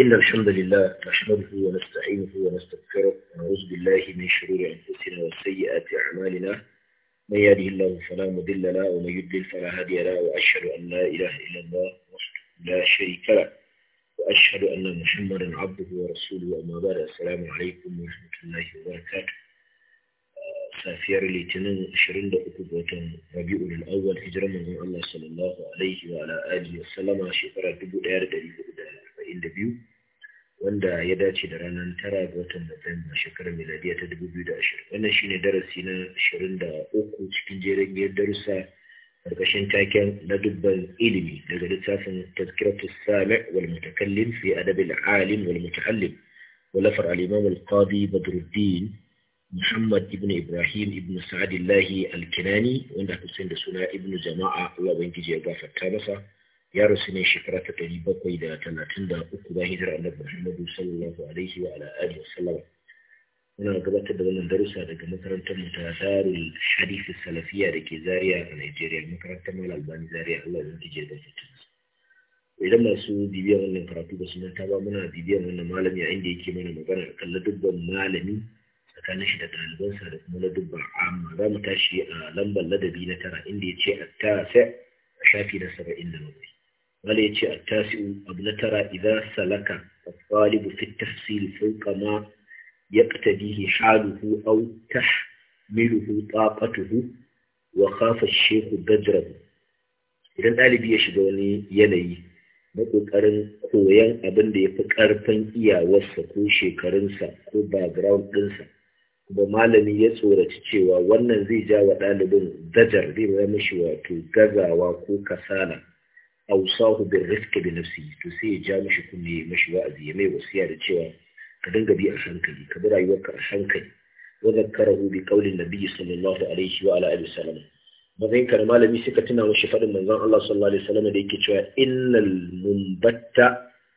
إن الحمد لله نحمده ونستعينه ونستغفره ونعوذ بالله من شرور أنفسنا وسيئات أعمالنا من يهده الله فلا مضل له ومن يضلل فلا هادي له وأشهد أن لا إله إلا الله وحده لا شريك له وأشهد أن محمدا عبده ورسوله أما بعد السلام عليكم ورحمة الله وبركاته سافير safiyar litinin 23 ربيع watan rabi'ul awwal hijirar manzon Allah sallallahu alaihi wa ala alihi wa دار shekara دار wanda ya dace da ranar tara ga watan Nuwamba shekarar miladiya ta dubu biyu da ashirin. Wannan shi darasi na ashirin da uku cikin jerin darussa ƙarƙashin taken na dubban ilimi daga littafin tazkiratu sami wal mutakallim fi adab alim wal mutakallim walafar al-imam al badruddin muhammad ibn ibrahim ibn sa'adillahi al-kinani wanda aka da suna ibn jama'a allah ubangiji ya gafarta masa ya rasu ne shekara ta ɗari bakwai da talatin da uku ba hijirar annabi muhammadu sallallahu alaihi wa ala alihi wasallam muna gabatar da wannan darussa daga makarantar mu ta darul hadith salafiya da ke zaria a nigeria makarantar mal albani zaria allah ya tije da fitin idan masu bibiyan wannan karatu ba su manta ba muna bibiyan wannan malami a inda yake mana magana kan ladubban malami tsakanin shi da ɗalibansa da kuma ladubban amma za mu tashi a lambar ladabi na tara inda ya ce a ta sai a shafi na saba'in da bakwai wala ya ce a tasi'u abu na tara idan salaka a tsalibu fi tafsiri fauka ma ya haluhu au tahmiluhu tsafatuhu wa khafa shehu gajrahu idan ɗalibi ya shiga wani yanayi na ƙoƙarin koyon abin da ya fi ƙarfin iyawarsa ko shekarunsa ko background ɗinsa kuma malami ya tsoraci cewa wannan zai ja wa ɗalibin dajar zai mai mashi wato gazawa ko kasala أوصاه بالرفق بنفسه تسي جامش كني مش وعد يمي وسيار الجوا كدنك بي أشنكي كبرا يوكا أشنكي وذكره بقول النبي صلى الله عليه وعلى آله وسلم بغين كان مالا ميسكة نعم الشفاق المنظام الله صلى الله عليه وسلم ليك جوا إن المنبت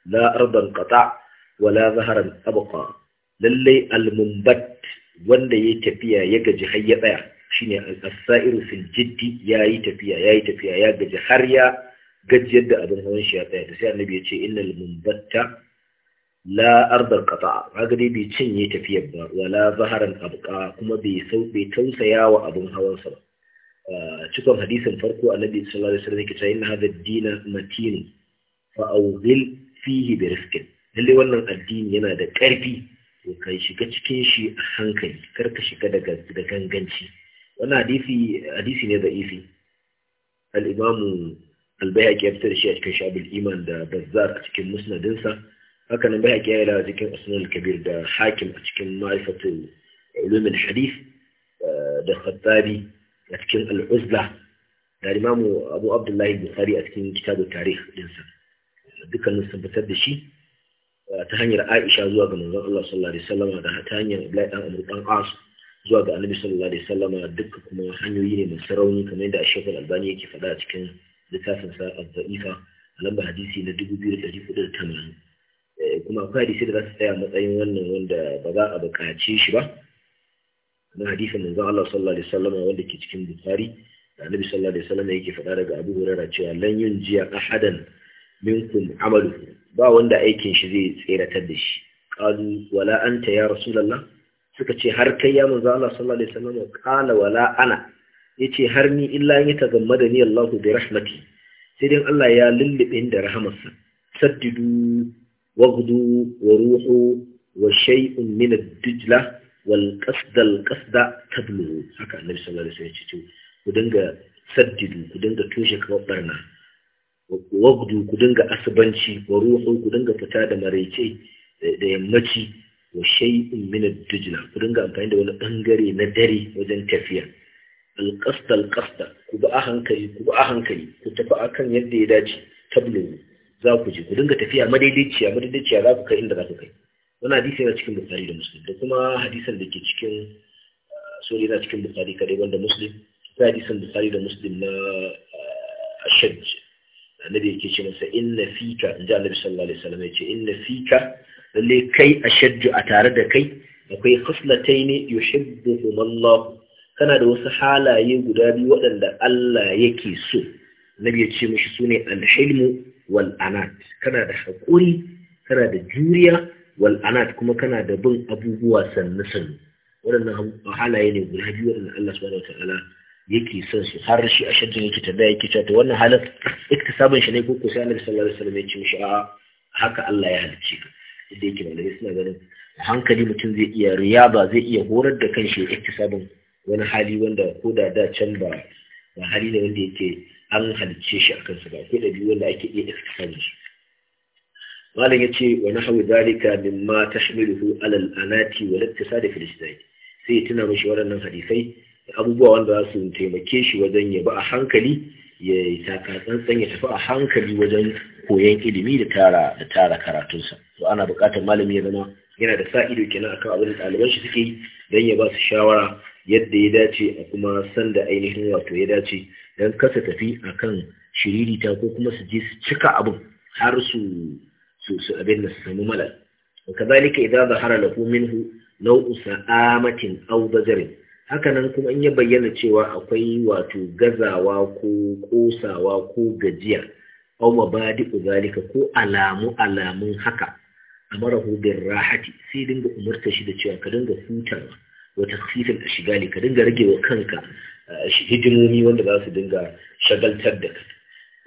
لا أرضا قطع ولا ظهرا أبقى للي المنبت وان يتبيا يجج خيبا شيني الثائر في الجد يا يتبيا يا يتبيا يجج خريا gajiyar da abin hawan shi ya tsaya da sai annabi ya ce innal mumbatta la ardar qata kaga dai bai cinye tafiyar ba wala zaharan abqa kuma bai sau bai tausaya wa abin hawan sa ba ah, cikon hadisin farko annabi sallallahu alaihi wasallam yake cewa inna hadha ad matin fa awzil fihi bi lalle wannan addini yana da karfi to kai shiga cikin shi a hankali kar ka shiga daga da ganganci wannan hadisi hadisi ne da ifi al-imamu البهاك يفسر شيء كان شعب الإيمان ده بالذات تكن مسنا دنسا هكذا البهاك يا إلى تكن أصلا الكبير ده حاكم تكن معرفة علوم الحديث ده خطابي تكن العزلة ده الإمام أبو عبد الله البخاري تكن كتاب التاريخ دنسا دك النص بتبدي شيء تهني رأي إيش أزوا من الله صلى الله عليه وسلم هذا تهني بلاي أن أمر بان عاص زوا النبي صلى الله عليه وسلم دك كم هنيو يني من سروني كمان ده الشيخ الألباني كيف ده تكن littafin sa al-da'ifa a lambar hadisi na 2480 eh, kuma akwai hadisi da za su tsaya matsayin wannan wanda ba za a buƙaci shi ba na hadisin manzon Allah sallallahu alaihi wasallam wanda ke cikin Bukhari da Annabi sallallahu alaihi wasallam yake faɗa daga Abu Hurairah cewa lan yunjiya ahadan minkum amalu ba wanda aikin shi zai tseratar da shi qalu wala anta ya rasulullah suka ce har kai ya manzon Allah sallallahu alaihi wasallam qala wala ana ce har ni illa ya da ni Allahu bi rahmati sai dai Allah ya lullube da rahamarsa saddidu waghdu wa ruhu wa shay'un min ad-dijla wal qasd al qasda tablu haka annabi sallallahu alaihi wasallam ce ku dinga saddidu ku dinga toshe kawar barna wagdu ku dinga asibanci wa ruhu ku dinga fita da maraice da yammaci wa shay'un min ad-dijla ku dinga amfani da wani bangare na dare wajen tafiya alƙasta alƙasta ku ba a hankali ku ba a hankali ku tafi akan yadda ya dace tablo za ku je, ku dinga tafiya madaidaiciya madaidaiciya za ku kai inda za ku kai wani hadisi yana cikin bukari da muslim da kuma hadisan da ke cikin ah, sori yana cikin bukari kadai wanda muslim akwai hadisan bukari da muslim na ah, ashaj annabi yake ce masa inna fika in ji annabi sallallahu alaihi wasallam ya ce inna fika lalle kai ashajju a tare da kai akwai khaslataini yuhibbuhum Allah kana da wasu halaye guda biyu waɗanda Allah yake so nabi ya ce su sune alhilmu wal anat kana da haƙuri kana da juriya wal anat kuma kana da bin abubuwa sannu sannu waɗannan halaye ne guda biyu waɗanda Allah subhanahu ala yake son su har shi a shaddin yake tambaya yake cewa to wannan halin sabon shi ne ko kusa na sallar sallallahu alaihi ya ce mishi a haka Allah ya halicce ka da yake malamai suna ganin hankali mutum zai iya riyaba zai iya horar da kanshi sabon. wani hali wanda ko da da can ba ba hali ne wanda yake an halicce shi a kansa ba akwai biyu wanda ake iya istifani su malam yace wa nahwu dalika mimma tashmiluhu ala al-anati wal iktisad fi al-ijtihad sai ya tuna mishi waɗannan hadisai abubuwa wanda za su taimake shi wajen ya ba a hankali ya taka tsantsan ya tafi a hankali wajen koyon ilimi da tara da tara karatunsa to ana buƙatar malami ya zama yana da sa ido kenan akan abin da ɗaliban shi suke yi don ya ba su shawara yadda ya dace a kuma sanda ainihin wato ya dace don kasa tafi a kan shiririta ko kuma su je su cika abin har su su su abin da su samu malal wa kazalika idan zahara lahu minhu nau'u sa'amatin aw bazarin haka nan kuma in ya bayyana cewa akwai wato gazawa ko kosawa ko gajiya aw mabadi'u zalika ko alamu alamun haka amarahu bir rahati sai dinga umurta shi da cewa ka dinga hutawa wata sifin a shiga ne ka dinga rage wa kanka eh, hidimomi wanda za su dinga shagaltar da ka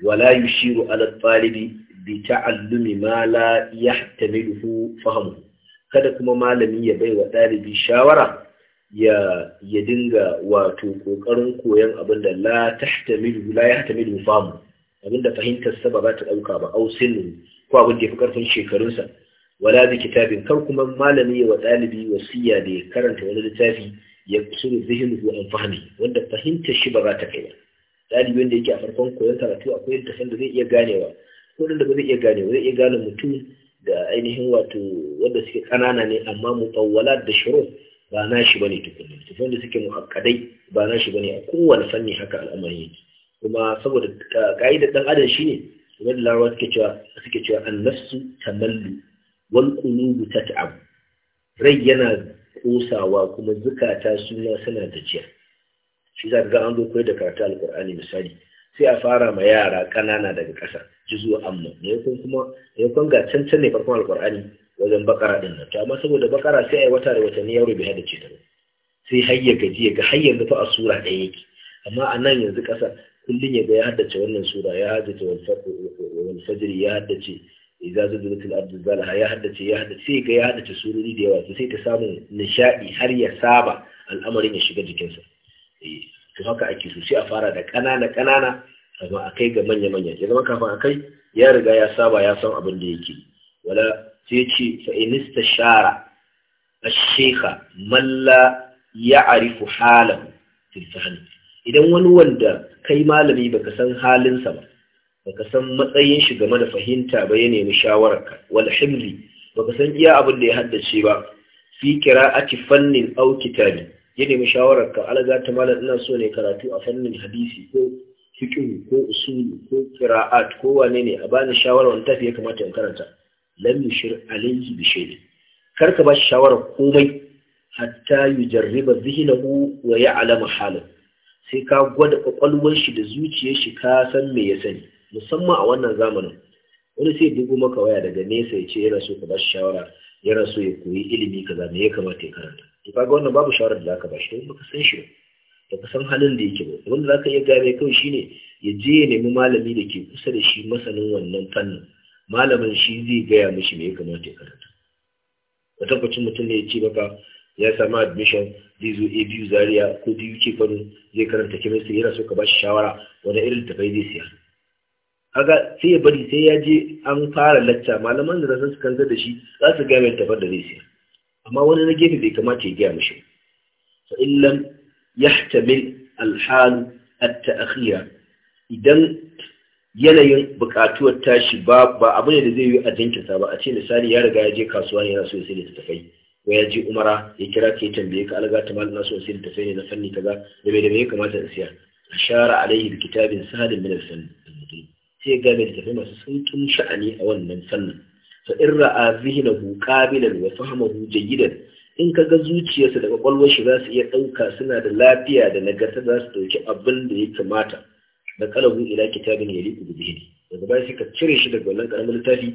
wala yushiru ala talibi bi ta'allumi ma la yahtamiluhu fahmu kada kuma malami ya bai wa ɗalibi shawara ya ya dinga wato kokarin koyon abin da la tahtamilu la yahtamilu fahmu abinda fahimtar sa ba ta dauka ba ausin ko abin da ya fi karfin shekarunsa wala bi kitabin kar kuma malami wa ɗalibi wasiya da ya karanta wani littafi ya kusuru zihin ko an fahimi wanda fahimtar shi ba za ta kai ba ɗalibin da yake a farkon koyon karatu akwai littafin da zai iya ganewa ko da ba zai iya ganewa zai iya gane mutum da ainihin wato wanda suke ƙanana ne amma mu mutawwala da shuru ba na shi bane tukunna littafin da suke muhakkadai ba na shi bane a kowane fanni haka al'amari yake kuma saboda ka'idar dan adam shine kamar da larabawa suke cewa suke cewa an-nafsu tamallu Walƙulubu ta tat'ab rai yana kosawa kuma zukata suna suna gajiya shi za ga an zo koyar da karatu alqur'ani misali sai a fara ma yara ƙanana daga ƙasa jizu amma ne kun kuma ne kun ga cancan ne farkon alqur'ani wajen bakara din nan to amma saboda bakara sai ai wata da watanni yaro bai hada ce ta sai hayya gajiya ga hayya da fa a sura ɗaya yake amma a nan yanzu ƙasa kullum ya ga ya haddace wannan sura ya haddace wal fajr ya haddace idza zulzilat cikin ardu zalha ya haddace ya haddace sai ga ya haddace sururi da yawa sai ta samu nishadi har ya saba al'amarin ya shiga jikinsa eh to haka ake so sai a fara da kanana kanana amma kai ga manya manya ya zama kafin a kai ya riga ya saba ya san abin da yake wala sai ya ce fa in istashara ash-shaykha man la ya'rifu halahu fil idan wani wanda kai malami baka san halinsa ba baka san matsayin shi game da fahimta ba ya nemi shawararka wal himli baka san iya abin da ya haddace ba fi qira'ati fannin aw kitabi ya nemi shawararka alaga ta malam ina so ne karatu a fannin hadisi ko fiqh ko usuli ko qira'at ko wane ne a bani shawara wani tafi ya kamata in karanta lam yushir alayhi bi shay'in karka ba shi shawara komai hatta yujarriba zihnahu wa ya'lam halahu sai ka gwada kwakwalwar shi da zuciyar shi ka san me ya sani musamman a wannan zamanin wani sai dubu maka waya daga nesa ya ce yana so ka bashi shawara yana so ya koyi ilimi kaza me ya kamata ya karanta to kaga wannan babu shawarar da zaka bashi don baka san shi ba baka san halin da yake ba wanda zaka iya gane kawai shine ya je ya nemi malami da ke kusa da shi masanin wannan fannin malamin shi zai gaya mishi me ya kamata ya karanta Wata tabbacin mutum ne ya ce maka ya samu admission zai zo a biyu zaria ko biyu ke fano zai karanta chemistry yana so ka bashi shawara wani irin tafai zai siya kaga sai ya bari sai ya je an fara lacca malaman da kan kanzar da shi za su gaya mai da zai siya amma wani na gefe bai kamata ya gaya mishi fa illam yahtamil alhal a takhira idan yanayin bukatuwar tashi ba ba abu ne da zai yi a jinkirta ba a ce misali ya riga ya je kasuwa ne yana so ya sai da tafai ko ya je umara ya kira ka ya tambaye ka alga ta malama so sai da tafai ne na fanni kaza da bai da ya kamata in siya ashara alaihi bi kitabin sahadin min al sai ga da tafi masu sauƙin sha'ani a wannan fannin fa in ra'a zihnahu qabilan wa fahmahu jayyidan in ka ga zuciyarsa da kwakwalwar shi za su iya ɗauka suna da lafiya da nagarta za su dauki abin da ya kamata da kalabu ila kitabin ya bi da daga baya sai ka cire shi daga wannan karamin littafi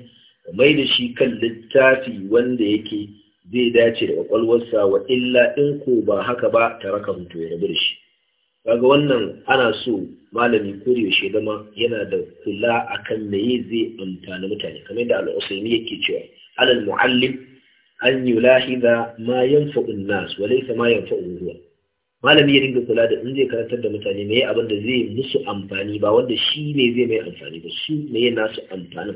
ka mai da shi kan littafi wanda yake zai dace da kwakwalwarsa wa illa in ko ba haka ba tare ka hutu ya rabu da shi kaga wannan ana so malami ko da yaushe zama yana da kula akan meye zai amfani mutane kamar yadda al'usaimi yake cewa alal muallim an da ma yanfa'un nas wa laysa ma yanfa'u huwa malami ya dinga kula da in zai karantar da mutane me abin da zai musu amfani ba wanda shi ne zai mai amfani ba su meye nasu amfanin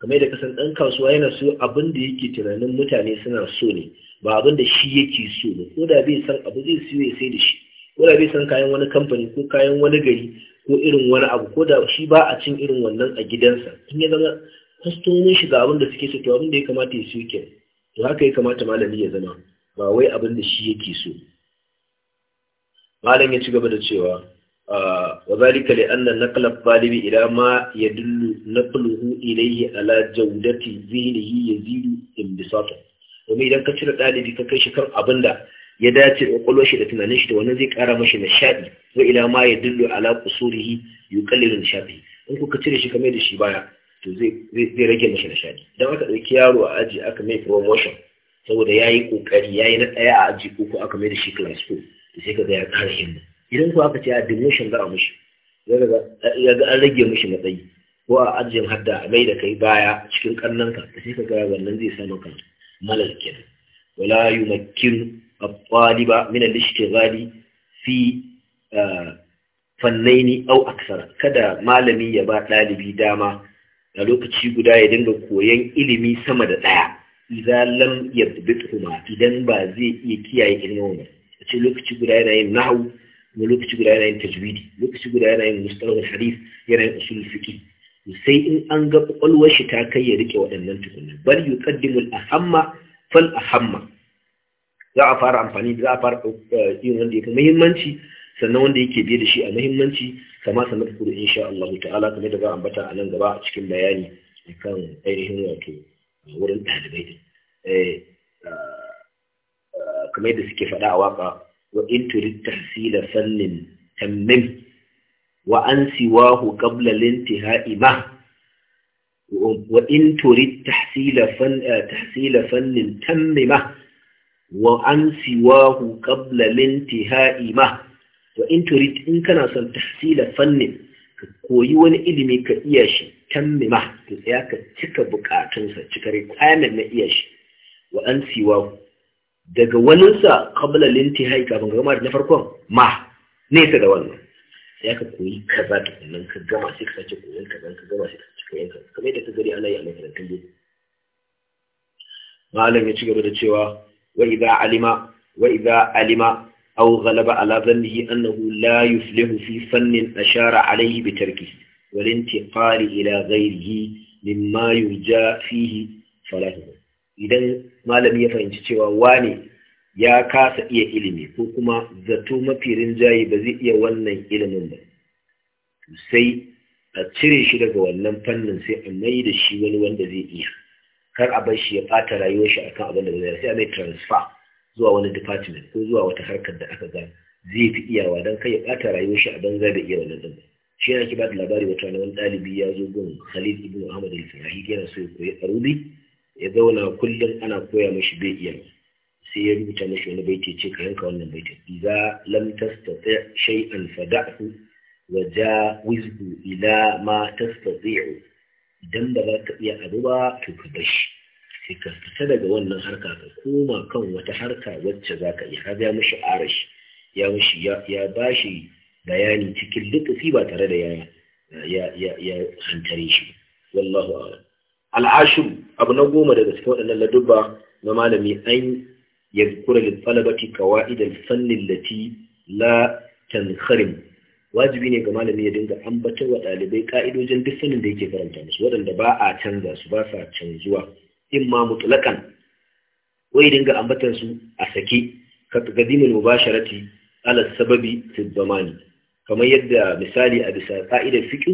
kamar da kasan ɗan kasuwa yana so abin da yake tunanin mutane suna so ne ba abin da shi yake so ba ko da bai san abu zai siyo ya sai da shi wanda bai san kayan wani kamfani ko kayan wani gari ko irin wani abu ko da shi ba a cin irin wannan a gidansa in ya zama kwastomin shi ga abin da suke so to abin da ya kamata ya siyo ke to haka ya kamata malami ya zama ba wai abin da shi yake so malam ya ci gaba da cewa ah, wa zalika li anna naqla talibi ila ma yadullu naqluhu ilayhi ala jawdati zihnihi yazidu inbisata domin idan ka cire ɗalibi ka kai shi kan abin da ya dace da kwallo shi da tunanin shi da wannan zai kara mashi nishadi wa ila ma ya dillu ala qusurihi yuqallilu nishadi in kuka cire shi kamar da shi baya to zai zai rage mashi nishadi idan aka dauki yaro a aji aka mai promotion saboda yayi kokari yayi na ɗaya a aji ko aka mai da shi class 4 sai ka ga ya kara himma idan ku aka ce a demotion za a mashi ya ga an rage mashi matsayi ko a ajin hadda a mai da kai baya cikin da sai ka ga wannan zai sa maka malal kenan wala yumakkin at-taliba min al-ishtighali fi fannaini au aksara kada malami ya ba ɗalibi dama a lokaci guda ya dinga koyon ilimi sama da ɗaya idan lam yadbituhuma idan ba zai iya kiyaye ilimin ba a ce lokaci guda yana yin Nahu. kuma lokaci guda yana yin tajwidi lokaci guda yana yin mustalahul hadith yana yin usul fiki. sai in an ga kwakwalwar shi ta kai ya rike waɗannan tukunna bal yuqaddimu al-ahamma fal ahamma za a fara amfani za a fara yin eh, wanda fi muhimmanci sannan wanda yake biye da shi a muhimmanci kama sana kuru insha Allah ta'ala kamar da za a ambata a nan gaba a cikin bayani kan ainihin wato wurin ɗalibai eh, kamar yadda suke faɗa a waka wa in turid tahsila fannin tammim wa an siwahu qabla lintihai ma wa in turid tahsila eh, fannin tammima wa an siwahu qabla lintihai ma wa in turid in kana son tahsila fannin ka koyi wani ilimi ka iya shi tammima to ya ka cika sa cika requirement na iya shi wa an siwahu daga sa qabla lintihai kafin gama da na farkon ma ta da wannan sai ka koyi kaza nan ka gama sai ka sace koyon kaza ka gama sai ka sace koyon kaza kamar yadda ka gari ana yi a makarantun boko malam ya ci gaba da cewa وإذا علم وإذا علم أو غلب على ظنه أنه لا يفلح في فن أشار عليه بتركه والانتقال إلى غيره مما يرجى فيه فلاحه idan malami ya fahimci cewa wane ya kasa iya ilimi ko kuma zato mafi rinjaye ba zai iya wannan ilimin ba sai a cire shi daga wannan fannin sai a mai da shi wani wanda zai iya kar a bar shi ya ɓata rayuwar shi akan abin da zai sai a mai transfer zuwa wani department ko zuwa wata harkar da aka gani zai fi iyawa don kai ya ɓata rayuwar shi a banza da iya wannan zama shi yana ki da labari wata wani ɗalibi ya zo gun khalid ibn ahmad al sahi yana so ya koyi arubi ya zauna kullum ana koya mashi bai iya sai ya rubuta mashi wani baiti ce ka yanka wannan baiti idza lam tastati shay'an fada'hu wa wizbu ila ma tastati'u idan da za ka iya abu ba to ka bashi sai ka fita daga wannan harka ka koma kan wata harka wacce za ka iya har ya mishi arashi ya mishi ya bashi bayani cikin lutufi ba tare da ya hantar shi wallahu a'lam al'ashir abu na goma daga cikin waɗannan ladubba na malami an yadkura lil talabati qawaid al la tanharim wajibi ne ga malami ya dinga ambatar wa ɗalibai ka'idojin duk sanin da yake karanta musu waɗanda ba a canza su ba sa canzuwa in ma mutlakan wai dinga ambatar su a sake ka dimin mubasharati ala sababi fi zamani kamar yadda misali a bisa ka'idar fiqh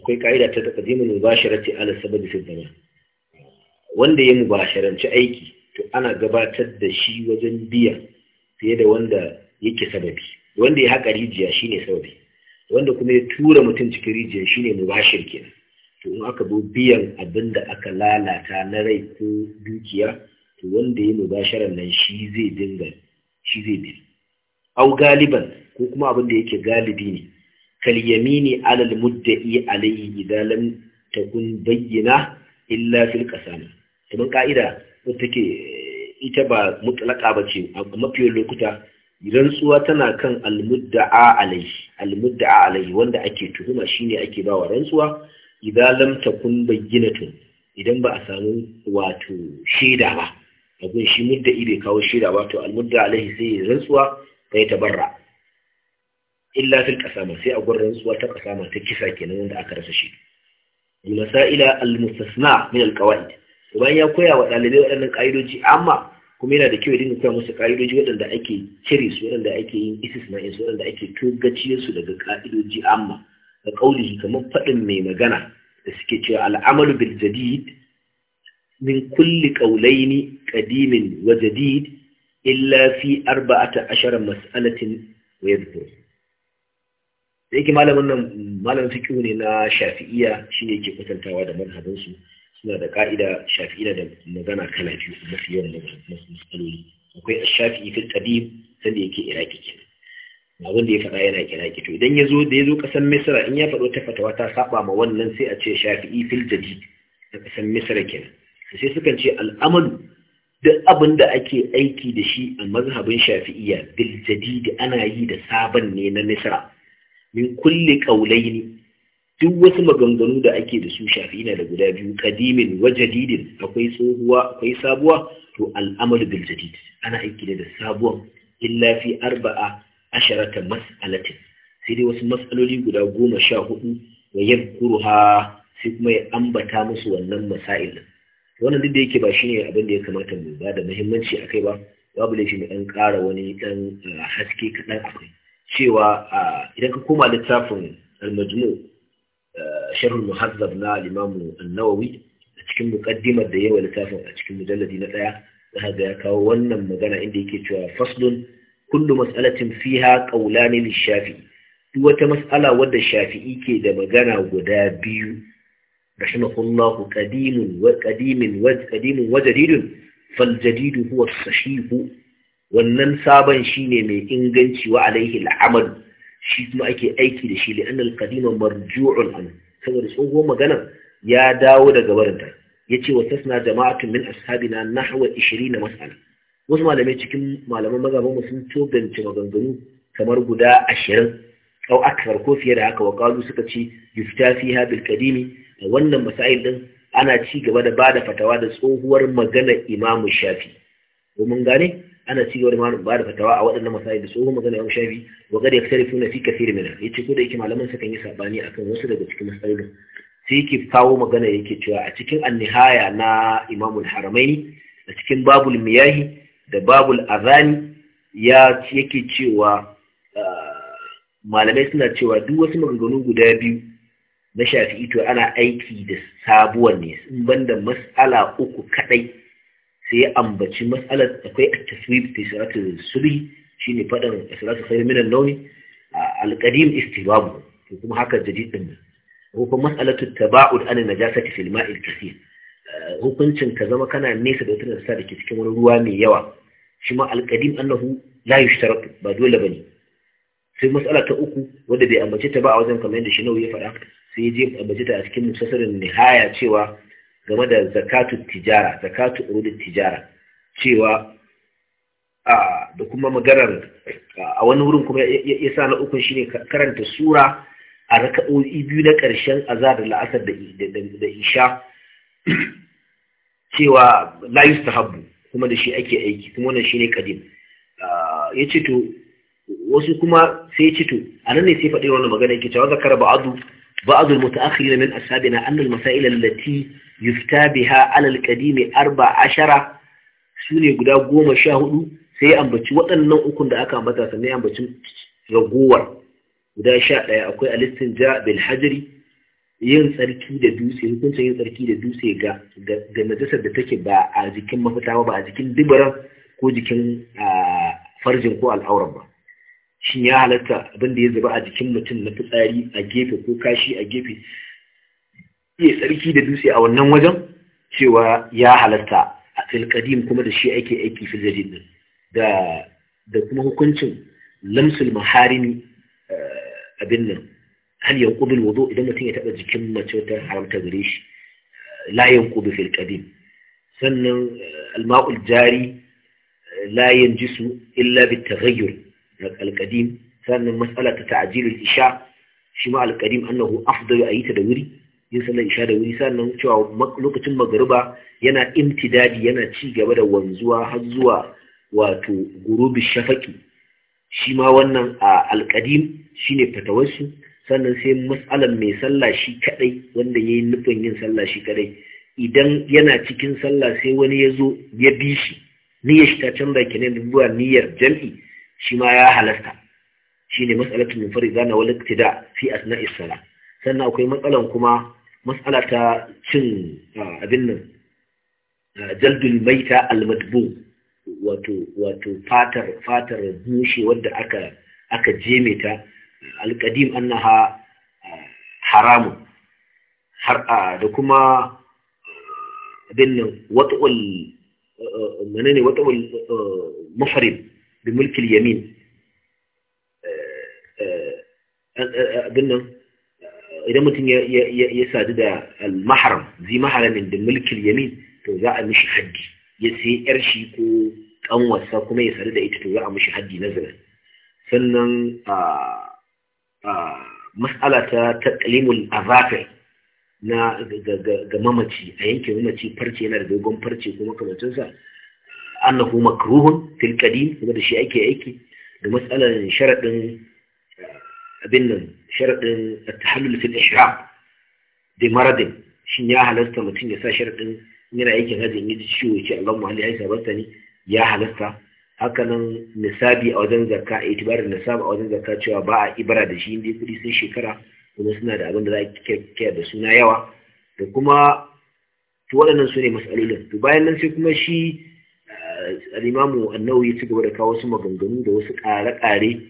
akwai ka'ida ta taqdimul mubasharati ala sababi fi wanda ya mubasharanci aiki to ana gabatar da shi wajen biya fiye da wanda yake sababi wanda ya haƙa rijiya shine sababi wanda kuma ya tura mutum cikin rijiya shine mubashir shirkin, to in aka bo biyan abin da aka lalata na rai ko dukiya to wanda ya mubasharan nan shi zai dinga shi zai bi au galiban ko kuma abin da yake galibi ne kal yamini alal mudda'i alayhi idan lam takun bayyana illa fil qasam to mun ka'ida ko ita ba mutlaka bace a mafiyar lokuta rantsuwa tana kan almudda'a alaihi almudda'a alaihi wanda ake tuhuma shine ake bawa rantsuwa idan lam takun bayyinatun idan ba a samu wato shaida ba abin shi mudda bai kawo shaida ba to almudda alaihi sai ya rantsuwa ta yi tabarra illa fil qasama sai a gurin rantsuwa ta qasama ta kisa kenan wanda aka rasa shi al masaila almustasna min alqawaid bayan ya koya wa dalibai waɗannan ka'idoji amma kuma yana da kyau idan ka musu ka'idoji waɗanda ake cire su waɗanda ake yin isis na su waɗanda ake togaciyar su daga ka'idoji amma da kaulihi kamar faɗin mai magana da suke cewa al'amalu bil jadid min kulli qawlaini qadimin wa jadid illa fi arba'ata ashara mas'alatin wa yadhkur yake malamin nan malamin fiqh ne na shafi'iyya shine ke kwatantawa da manhajansu. suna da ka'ida shafi'ina da magana kala biyu mafi yawan matsaloli akwai shafi'i fil qadim sanda yake iraki kenan abin da ya faɗa yana iraki to idan ya zo da ya zo ƙasar misra in ya faɗo ta fatawa ta saba ma wannan sai a ce shafi'i fil jadid na ƙasar misra kenan sai sukan ce al'amalu duk abin da ake aiki da shi a mazhabin shafi'iyya bil jadid ana yi da sabon ne na Misira. min kulli qaulaini duk wasu maganganu da ake da su shafi na da guda biyu kadimin wa jadidin akwai tsohuwa akwai sabuwa to al'amalu bil jadid ana aiki da sabuwan illa fi arba'a asharata mas'alatin sai dai wasu matsaloli guda goma sha hudu wa yadhkuruha sai kuma ya ambata musu wannan masail wannan duk da yake ba shine abin da ya kamata mu ba da muhimmanci akai ba babu laifi mu dan ƙara wani ɗan ah, haske kaɗan akai cewa ah, idan ka koma littafin al-majmu' sharhul muhazzab na al nawawi a cikin mukaddimar da yawa littafin a cikin mujalladi na daya zaka ga ya kawo wannan magana inda yake cewa faslun kullu mas'alatin fiha qawlani lish-shafi duk wata mas'ala wadda shafi'i ke da magana guda biyu rahimahullahu qadimun wa qadimin wa qadimun wa jadidun fal jadidu huwa as wannan sabon shine mai inganci wa alaihi al shi kuma ake aiki da shi li'annal qadima marju'un an saboda tsohuwar magana ya dawo daga barinta yace wa tasna jama'atun min ashabina nahwa 20 mas'ala wasu malamai cikin malaman magabanmu sun togance maganganu kamar guda 20 au akthar ko fiye da haka wa suka ce yufta fiha bil qadimi wannan masail din ana ci gaba da bada fatawa da tsohuwar magana imamu shafi mun gane ana ci gaba da ba da fatawa a waɗannan masayi da tsohon magana ya Shafi wa qad na fi mina Ya ce ko da yake malaman sa kan yi sabani akan wasu daga cikin masailin sai yake kawo magana yake cewa a cikin annihaya na imamul al-Haramaini a cikin babul miyahi da babul azani ya yake cewa ah, malamai suna cewa duk wasu maganganu guda biyu na Shafi'i to ana aiki da sabuwar ne in banda mas'ala uku kaɗai. sai ya ambaci matsalar akwai at-taswib fi salatul subhi shi ne salatul khayr min minan nauni, al-qadim kuma haka jadid din ko mas'alatu taba'ud an najasati fil ma'il kaseer hukuncin ka zama kana nesa da wata najasa da ke cikin wani ruwa mai yawa shi ma al annahu la yushtaratu ba dole ne. sai matsala ta uku wadda bai ambace ta ba a wajen kamar yadda shi nawawi ya faɗa sai je ambace ta a cikin musasarin nihaya cewa game da zakatu tijara zakatu urudin tijara cewa da kuma maganar a wani wurin kuma ya sa na uku shine karanta sura a raka'o'i biyu na ƙarshen aza da la'asar da isha cewa la yustahabbu kuma da shi ake aiki kuma wannan shine kadim ya ce to wasu kuma sai ya ce to anan ne sai faɗi wannan magana yake cewa zakara ba'adu بعض المتأخرين من أصحابنا أن المسائل التي يفتى بها على القديم أربع عشرة guda goma sha شاهدوا sai ambaci waɗannan ukun da aka ambata sannan ya ambaci ragowar guda sha ɗaya akwai alistin ja hajari yin tsarki da dutse hukuncin yin tsarki da dutse ga ga najasar da take ba a jikin mafita ba a jikin dubaran ko jikin farjin ko al'auran ba shin ya halatta abin da ya zuba a jikin mutum na fitsari a gefe ko kashi a gefe iya tsarki da dutse a wannan wajen cewa ya halatta a tilkadim kuma da shi ake aiki fi jadid da da kuma hukuncin lamsul maharimi eh, abin nan hal yanqudul wudu idan mutum ya taba jikin mace ta haramta gare shi eh, la yanqudu fil qadim sannan eh, alma'ul jari la yanjisu illa bit taghayyur alƙadim sannan matsala ta ta'ajilul isha shi ma alƙadim annahu afdalu a yi ta da wuri yin sallar isha da wuri sannan cewa lokacin magariba yana imtidadi yana ci gaba da wanzuwa har zuwa wato gurubi shafaki shi ma wannan a alƙadim shine fatawarsu sannan sai matsalar mai sallah shi kadai wanda ya yi nufin yin sallah shi kadai idan yana cikin sallah sai wani ya zo ya bi shi niyyar shi ta canza kenan zuwa niyyar jam'i shi ma ya halasta shi ne matsalatul munfarida na wal iktida fi asna'i salat sannan akwai matsalan kuma matsala ta cin abin nan jaldul maita almatbu wato wato fatar fatar bushe wadda aka aka jeme ta alqadim annaha haramun har da kuma abin nan wata'ul wata wata'ul mufarid bi mulkil yamin abin nan idan mutum ya sadu da al-mahram zi maharamin da mulkil yamin to za a mishi haddi ya sai yar shi ko kanwarsa kuma ya sadu da ita to za a mishi haddi na zina sannan mas'ala ta taqlimul azafir na ga mamaci a yanke mamaci farce yana da dogon farce kuma kamacinsa annahu makruhun fil qadim saboda shi ake aiki da matsalar sharadin abin nan sharadin at-tahallul fil ihram bi maradin shin ya halasta mutum ya sa sharadin yana aikin hajjin yi ciwo ce Allahumma hali aisha basta ne ya halasta hakanan nisabi a wajen zakka itibarin nisab a wajen zakka cewa ba a ibara da shi inda kudi sun shekara kuma suna da abin da za a kyakkyar da suna yawa da kuma to waɗannan su ne matsalolin to bayan nan sai kuma shi al'imamu annawi ya ci gaba da kawo wasu maganganu da wasu ƙare-ƙare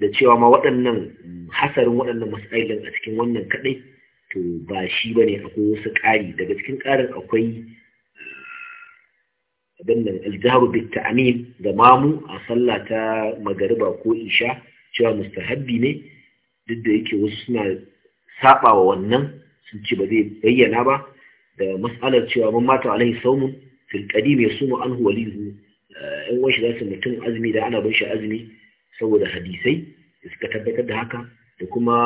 da cewa ma waɗannan hasarin waɗannan masailin a cikin wannan kaɗai to ba shi ba ne akwai wasu ƙari daga cikin ƙarin akwai al aljaharu bit ta'amim da mamu a sallah ta magariba ko isha cewa mustahabbi ne duk da yake wasu suna saɓa wa wannan sun ce ba zai bayyana ba da mas'alar cewa mun mata alaihi saumun fil qadim yasumu anhu walihu in eh, wani zasu mutum azumi da ana bin shi azumi saboda hadisai da suka tabbatar da haka da kuma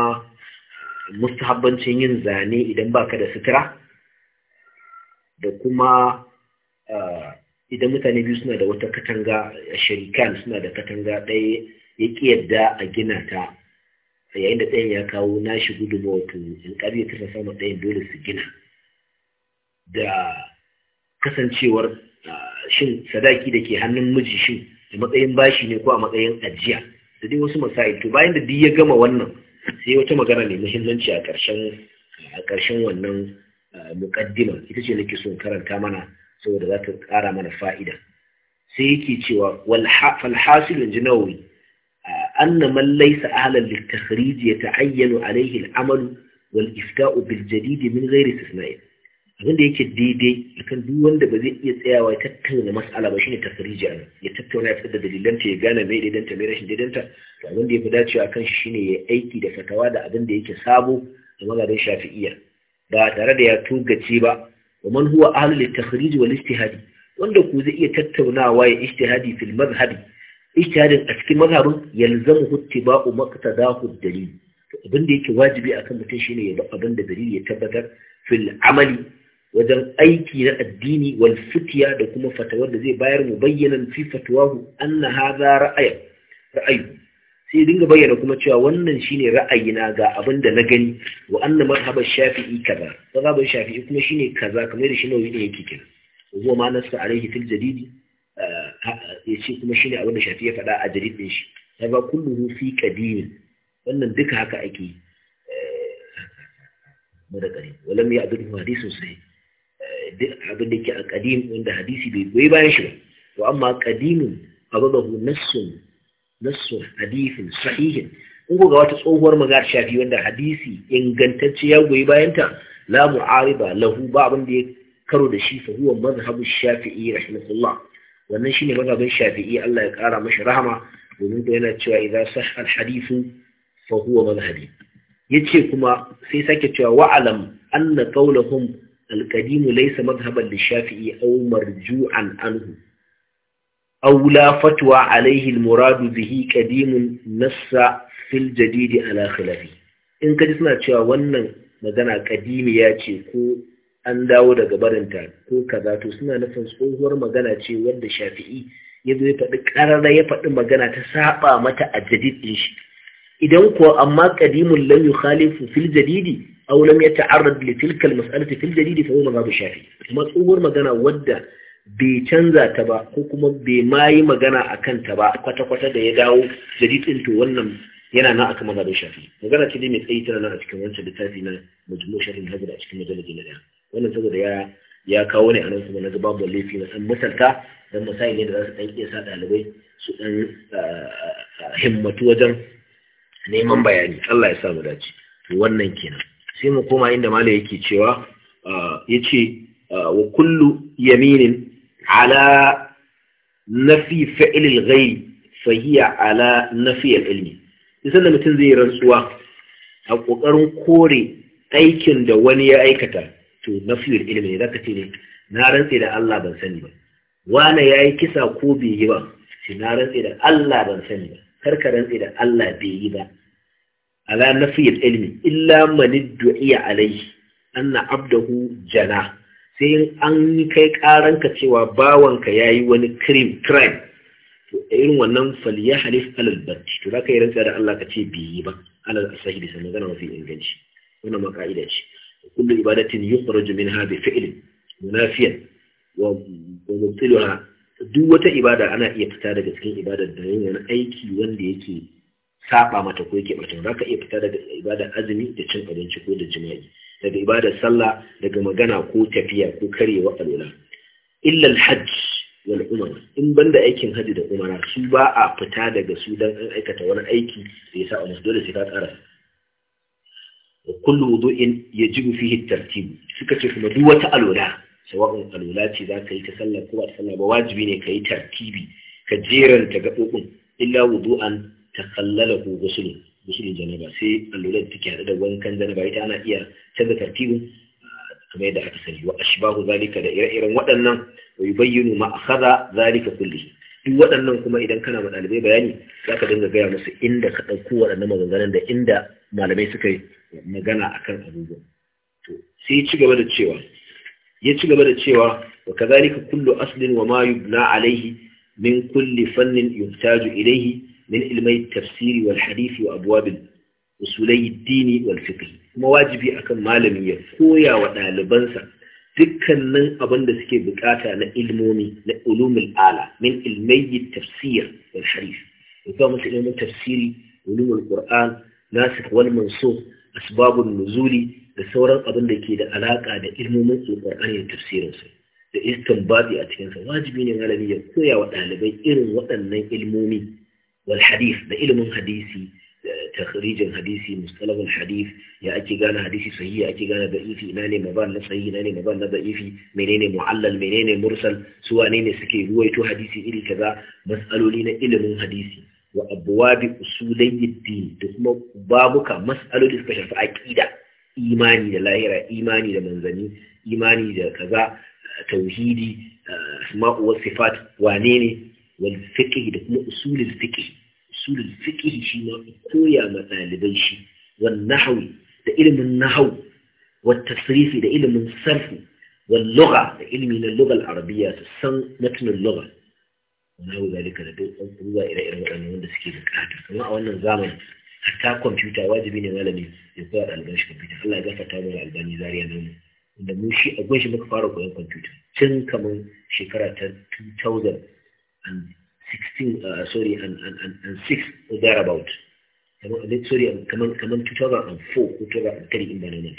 mustahabbancin yin zane idan baka da sutura da kuma eh, idan mutane biyu suna da wata katanga shirikan suna da katanga ɗaya ya ƙi yadda a gina ta yayin da ɗayan ya kawo nashi gudunmawa to in ƙarfi ta samun ɗayan dole su gina da kasancewar shin sadaki da ke hannun miji shin a matsayin bashi ne ko a matsayin ajiya da dai wasu masail to bayan da duk ya gama wannan sai wata magana mai muhimmanci a ƙarshen a ƙarshen wannan muƙaddima ita ce nake son karanta mana saboda za ta ƙara mana fa'ida sai yake cewa wal falhasil inji nawawi anna man laysa ahlan litakhrij yata'ayyanu alayhi al wal ifta'u bil jadid min ghairi istisna'in abin da yake daidai akan duk wanda ba zai iya tsayawa ya tattauna mas'ala ba shine tafariji an ya tattauna ya fitar da dalilan ta ya gane mai daidan ta mai rashin daidan ta to abin da ya fi dacewa akan shi shine ya aiki da fatawa da abin da yake sabo da mazhabin shafi'iyya ba tare da ya tugace ba wa man huwa ahlu litakhrij wal ijtihadi wanda ku zai iya tattaunawa ya ijtihadi fil madhhabi ijtihadin a cikin mazhabin yalzamu ittiba'u maqtadahu dalil abin da yake wajibi akan mutum shine ya bi abin da dalili ya tabbatar fil amali wajen aiki na addini wal fitiya da kuma fatawar da zai bayar mu bayyana fi fatawahu anna hadha ra'ayi ra'ayi sai dinga bayyana kuma cewa wannan shine ra'ayina ga abin da na gani wa anna madhhabu shafi'i kaza madhhabu shafi'i kuma shine kaza kamar da shi nawawi ne yake kira zuwa ma nasu alaihi fil jadidi eh, ce kuma shine abin da shafi'i ya faɗa a jadidin shi kaza kulluhu fi qadim wannan duka haka ake mu da kare walam ya adudu hadisin sahih duk abin da ke a qadim wanda hadisi bai goyi bayan shi ba to amma qadimun abadahu nassun nassun hadifin sahihin in ga wata tsohuwar magana shafi wanda hadisi ingantacce ya goyi bayanta la mu'ariba lahu ba abin da ya karo da shi fa huwa mazhabu shafi'i rahimahullah wannan shine mazhabin shafi'i Allah ya kara mashi rahama domin da yana cewa idan sahha al-hadithu fa huwa mazhabi yace kuma sai sake cewa wa'alam anna qawluhum القديم Laisa, مذهبا للشافعي أو مرجوعا عنه أو لا فتوى عليه المراد به قديم نص في الجديد على خلافه in ka ji suna cewa wannan magana kadimi ya ce ko an dawo daga barinta ko kaza suna nufin tsohuwar magana ce wanda shafi'i ya zo ya faɗi ƙarara ya faɗi magana ta saɓa mata a jadid ɗin shi idan kuwa amma ƙadimun, lam yukhalifu fil jadidi أو لم يتعرض لتلك المسألة في الجديد فهو مذهب الشافعي ما تصور مغانا ودى بيتنزا تبا حكما بماي مغانا أكن تبا قطع قطع دا da جديد انتو ونم yana nan akan mazhabin shafi magana ce dai mai tsayi tana nan a cikin wancan littafi na majmu shafin hazir a cikin majalisi na daya wannan saboda ya ya kawo ne a nan kuma na ga babu laifi na san misalta dan misali ne da za su dan iya sa ɗalibai su dan himmatu wajen neman bayani Allah ya sa mu dace to wannan kenan sai mu koma inda mala yake cewa ce wa kullu yaminin ala nafi fa'il al-ghayb ala nafi al-ilmi da mutum zai rantsuwa a ƙoƙarin kore aikin da wani ya aikata to nafi al ne zaka ce ne na rantse da Allah ban sani ba ya yayi kisa ko bai yi ba shi na rantse da Allah ban sani ba kar ka rantse da Allah bai yi ba ala nafiyil ilmi illa man du'iya alayhi anna abdahu jana sai an yi kai karanka cewa bawanka yayi wani crime crime to irin wannan faliya halif alal barci to zaka yi rantsa da Allah ka ce biyi ba alal asahi da sanin gana mafi inganci wannan ma ka'ida ce kullu ibadatin yukhraju minha bi fi'lin munafiyan wa mubtilaha duk wata ibada ana iya fita daga cikin ibadar da yin wani aiki wanda yake saba mata ko yake batun zaka iya fita daga ibadar azumi da cin abinci ko da jima'i daga ibadar sallah daga magana ko tafiya ko karyewa alwala illa alhajj wal umara in banda aikin haji da umara su ba a fita daga su dan an aikata wani aiki da ya sa musu dole sai ka tsara wa kullu wudu'in yajibu fihi tartib suka ce kuma duk wata alwala sawa'un alwala ce zaka yi ta sallah ko ba ta sallah ba wajibi ne ka yi tartibi ka ta ga gaɓoɓin illa wudu'an takallalahu gusulun gusulun janaba sai allurar take hada da wankan janaba ita ana iya canza tartibin ah, kamar yadda aka sani wa ashbahu zalika da ire-iren waɗannan wa yubayyinu ma akhadha zalika kulli duk waɗannan kuma idan kana ma ɗalibai bayani zaka dinga gaya musu inda ka ɗauko waɗannan maganganun da inda malamai suka yi magana akan abubuwa to sai ya ci gaba da cewa ya ci gaba da cewa wa kazalika kullu aslin wa ma yubna alaihi min kulli fannin yuhtaju ilaihi من علمي التفسير والحديث وأبواب أسولي الدين والفقه مواجبي أكم مالم يفويا ودالبنسا ذكر من أبن دسكي بكاتا لإلمومي لألوم الآلة من علمي التفسير والحديث وكما علم التفسير علوم القرآن ناسخ والمنصوص أسباب النزول لصورة أبن دكي لألاقة لإلموم القرآن التفسير da istanbadi a cikinsa wajibi ne malami ya koya wa ɗalibai wal da ilimin hadisi takhrijin hadisi mustalahul hadith ya ake gane hadisi sahihi ya ake gane da'ifi ina ne maban na sahihi ina ne maban na da'ifi menene mu'allal menene mursal su wane ne suke ruwaito hadisi iri kaza mas'aloli na ilimin hadisi wa abwabi usulayyi din da kuma babuka mas'aloli suka shafi aqida imani da lahira imani da manzani imani da kaza tauhidi asma'u was sifat wane ne والفكي ده كمه أصول الفكي أصول الفكي شيء ما كويا مطالب شيء والنحوي ده إلم النحو والتصريفي ده إلم الصرف واللغة ده إلم من اللغة العربية السن متن اللغة ونحو ذلك ده دو أنقوى إلى إرمان أنه عند سكيب الكاتب فما أولنا الزامن حتى كمبيوتر واجبين ولا من يقار ألبانش كمبيوتر الله يقف تامر الألباني زاري أنهم إنه مشي أقوى شيء مكفارك وين كمبيوتر تن كمان شكرة 2000 and 16 uh, sorry and, and, and, and 6 or thereabout sorry um, kaman kaman 2004 ko 2003 in bana nan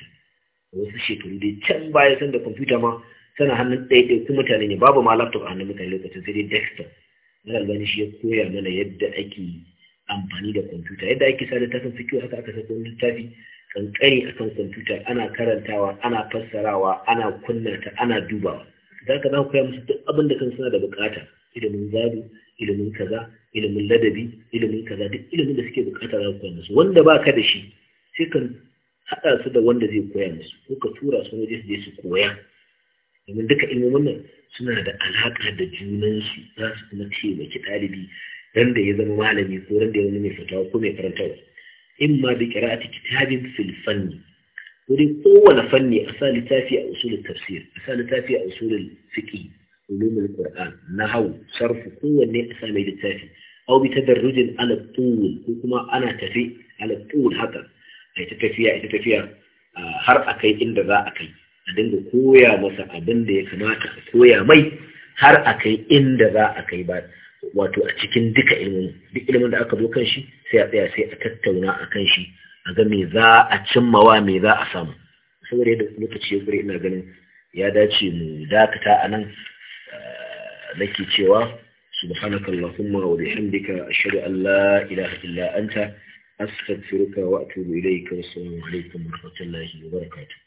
wasu shekaru dai can baya san da computer ma tana hannun ɗaya ɗaya kuma mutane ne babu ma laptop a hannun mutane lokacin sai dai desktop na albani shi ya koya mana yadda ake amfani da kwamfuta yadda ake sa littafin fikiyo haka aka sako littafi kankani kan kwamfuta ana karantawa ana fassarawa ana kunnata ana dubawa da haka za ku koya musu duk abin da kan suna da bukata ilimin gado ilimin kaza ilimin ladabi ilimin kaza duk ilimin da suke bukatar za koya musu wanda ba ka da shi sai ka haɗa su da wanda zai koya musu ko ka tura su waje su je su koya domin duka ilmomin nan suna da alaƙa da junansu za su kuma taimaki ɗalibi dan da ya zama malami ko ran da ya zama mai fatawa ko mai karantarwa in ma bi qira'ati kitabin fil fanni ko dai kowane fanni a sa littafi a usulul tafsir a sa littafi a usulul fiqh ulumul na hau sarfu kowanne a sa littafi aw bi tadarrujin ala tul ko kuma ana tafi ala tul haka ai ita tafiya har akai inda za a kai a dinga koya masa abin ya kamata a koya mai har akai inda za a kai ba wato a cikin duka ilimin da aka zo kan shi sai a tsaya sai a tattauna a kan shi a ga me za a cimmawa me za a samu saboda yadda lokaci ya gure ina ganin ya dace mu dakata a nan nake cewa subhanaka allahumma wa bihamdika ashhadu an la ilaha illa anta astaghfiruka wa atubu ilayka wa assalamu alaikum wa rahmatullahi wa barakatuh